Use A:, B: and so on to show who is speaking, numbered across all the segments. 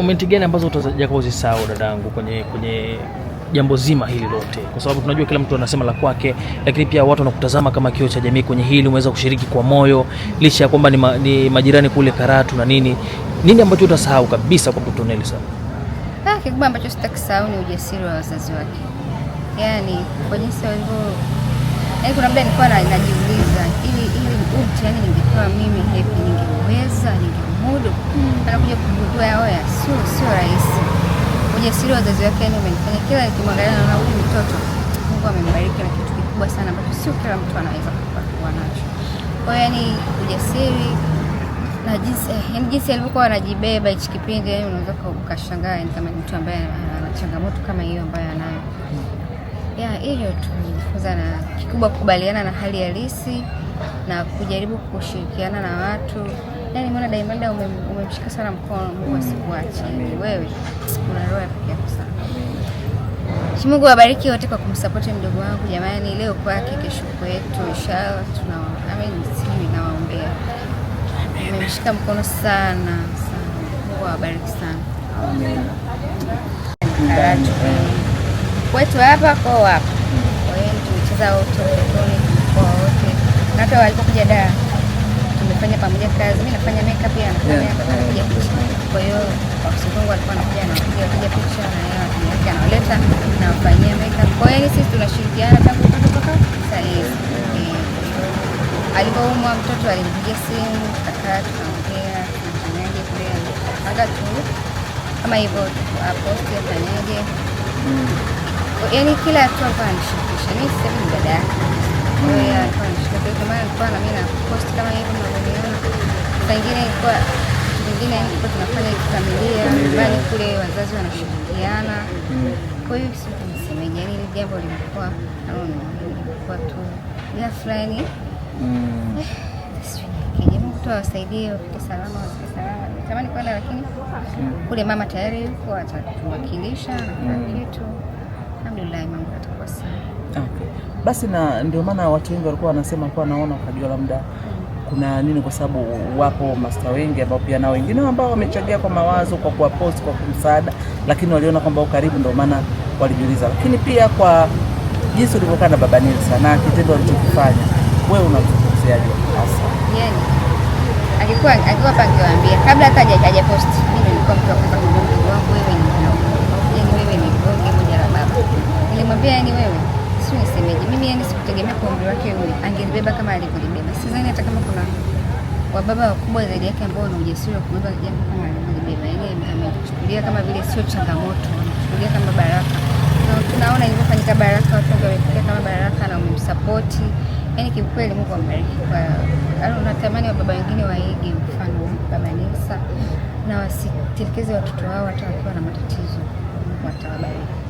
A: Momenti gani ambazo utajakuwa uzisahau dadangu, kwenye kwenye jambo zima hili lote, kwa sababu tunajua kila mtu anasema la kwake, lakini pia watu wanakutazama kama kioo cha jamii kwenye hili. Umeweza kushiriki kwa moyo licha ya kwamba ni, ma, ni majirani kule Karatu na nini nini, ambacho utasahau kabisa kwa Plutonell sana?
B: Ah, kikubwa ambacho sitakisahau ni ujasiri wa wazazi wake, yani kwa jinsi walivyo yaani kuna muda nilikuwa najiuliza ili ili huu yani ningekuwa mimi hepi ningeweza ningemudu? Mm. Anakuja kugundua ya sio sio rahisi. Ujasiri wa wazazi wake yani umenifanya kila nikimwangalia naona huyu mtoto Mungu amembariki na kitu kikubwa sana ambacho sio kila mtu anaweza kuwa nacho. Kwa hiyo yani ujasiri na jinsi eh, yani jinsi alivyokuwa anajibeba hichi kipindi, yani unaweza ukashangaa, yani kama mtu ambaye ana changamoto kama hiyo ambayo anayo ya hivyo tu na kikubwa kukubaliana na hali halisi na kujaribu kushirikiana na watu. Yani nimeona Diamond umemshika ume sana mkono, Mungu asikuache wewe, una roho ya pekee yako sana. Mungu awabariki wote kwa kumsapoti mdogo wangu jamani, leo kwake, kesho kwetu, inshallah tuna amini, sijui nawaombea. Umemshika mkono sana sana, Mungu awabariki sana. Amen kwetu hapa kwa hapa. Kwa hiyo tumecheza wote kwa wote, na hata walipokuja da tumefanya pamoja kazi, mimi nafanya makeup ya nafanya anapiga picha. Kwa hiyo wakusikongo alikuwa anakuja kupiga piga picha na yeye anapiga analeta na kufanyia makeup. Kwa hiyo sisi tunashirikiana tangu kutoka sasa hivi. Alipoumwa mtoto alimpigia simu kaka, tukaongea tunafanyaje kule, hata tu kama hivyo aposti afanyaje mm yaani kila hatua alikuwa ananishirikisha. Mimi sasa ni dada yake, kwa hiyo alikuwa ananishirikisha, kwa maana alikuwa na mimi na post kama hivi mnavyoniona. Saa nyingine ilikuwa nyingine ilikuwa tunafanya kifamilia nyumbani kule, wazazi wanashirikiana. Kwa hiyo kitu nisemeje, yaani ile jambo lilikuwa lilikuwa tu ghafla, yaani mtu awasaidie wafike salama, wafike salama. Natamani kwenda, lakini kule mama tayari yuko atatuwakilisha na kitu alhamdulillah mambo yatakuwa sawa.
A: Okay. Basi na ndio maana watu wengi walikuwa wanasema walikuwa wanaona ukajua labda kuna nini, kwa sababu wapo masta wengi ambao pia nao wengine ambao wamechangia kwa mawazo, kwa kuwapost, kwa kumsaada, lakini waliona kwamba ukaribu, ndio maana walijiuliza. Lakini pia kwa jinsi ulivyokaa na baba Nilsa na kitendo alichokifanya, wewe unazungumziaje? Hasa
B: yani alikuwa alikuwa pangiwaambia kabla hata post, mimi nilikuwa mtu wa kwanza kumwambia wangu wewe Nilimwambia yani, wewe si nisemeje, mimi yani sikutegemea kwa umri wake yule angelibeba kama alivyolibeba. Sidhani hata kama kuna wababa wakubwa zaidi yake ambao na ujasiri wa kubeba jambo kama alivyolibeba. Yani amechukulia kama vile sio changamoto, amechukulia kama baraka, na tunaona ilivyofanyika baraka, watu wamefikia kama baraka na umemsapoti. Yani kiukweli, Mungu ambariki. Natamani wababa wengine waige mfano Baba Nelsa na wasitelekeze watoto wao hata wakiwa na matatizo. Mungu atawabariki.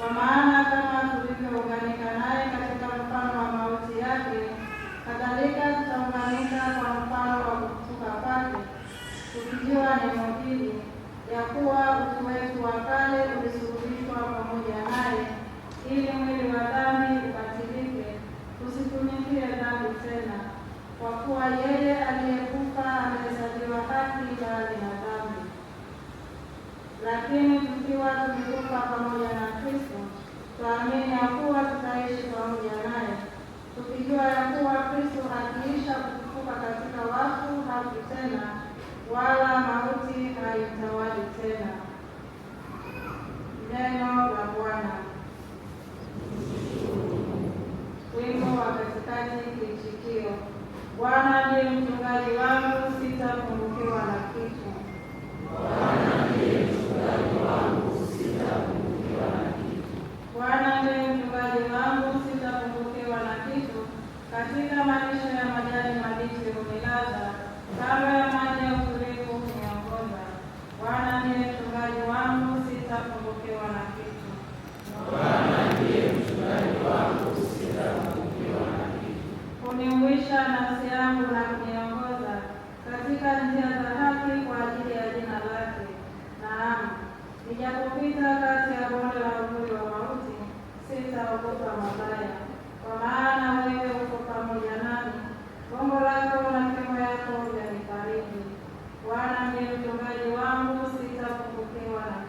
A: Kwa maana kama tulivyounganika naye katika mfano wa mauti yake, kadhalika tutaunganika kwa mfano wa kufufuka kwake, tukijua neno hili ya kuwa utu wetu wa kale ulisulubishwa pamoja naye, ili mwili wa dhambi ubatilike, tusitumikie dhambi tena, kwa kuwa yeye aliyekufa amehesabiwa haki bali na dhambi lakini tukiwa tumekufa pamoja na Kristo, twaamini ya kuwa tutaishi pamoja naye, tukijua ya kuwa Kristo akiisha kufufuka katika wafu, hafi tena, wala mauti haitawali tena. Neno la Bwana. Wimbo wa katikati, kichikio: Bwana ndiye mchungaji wangu, sitapungukiwa na kitu. yangu na kuniongoza katika njia za haki kwa ajili ya jina lake. Naam, nijapopita kati ya bonde la uvuli wa mauti, sitaogopa mabaya, kwa maana wewe uko pamoja nami, gongo lako na fimbo yako vyanifariji. Bwana ndiye mchungaji wangu, sitapungukiwa na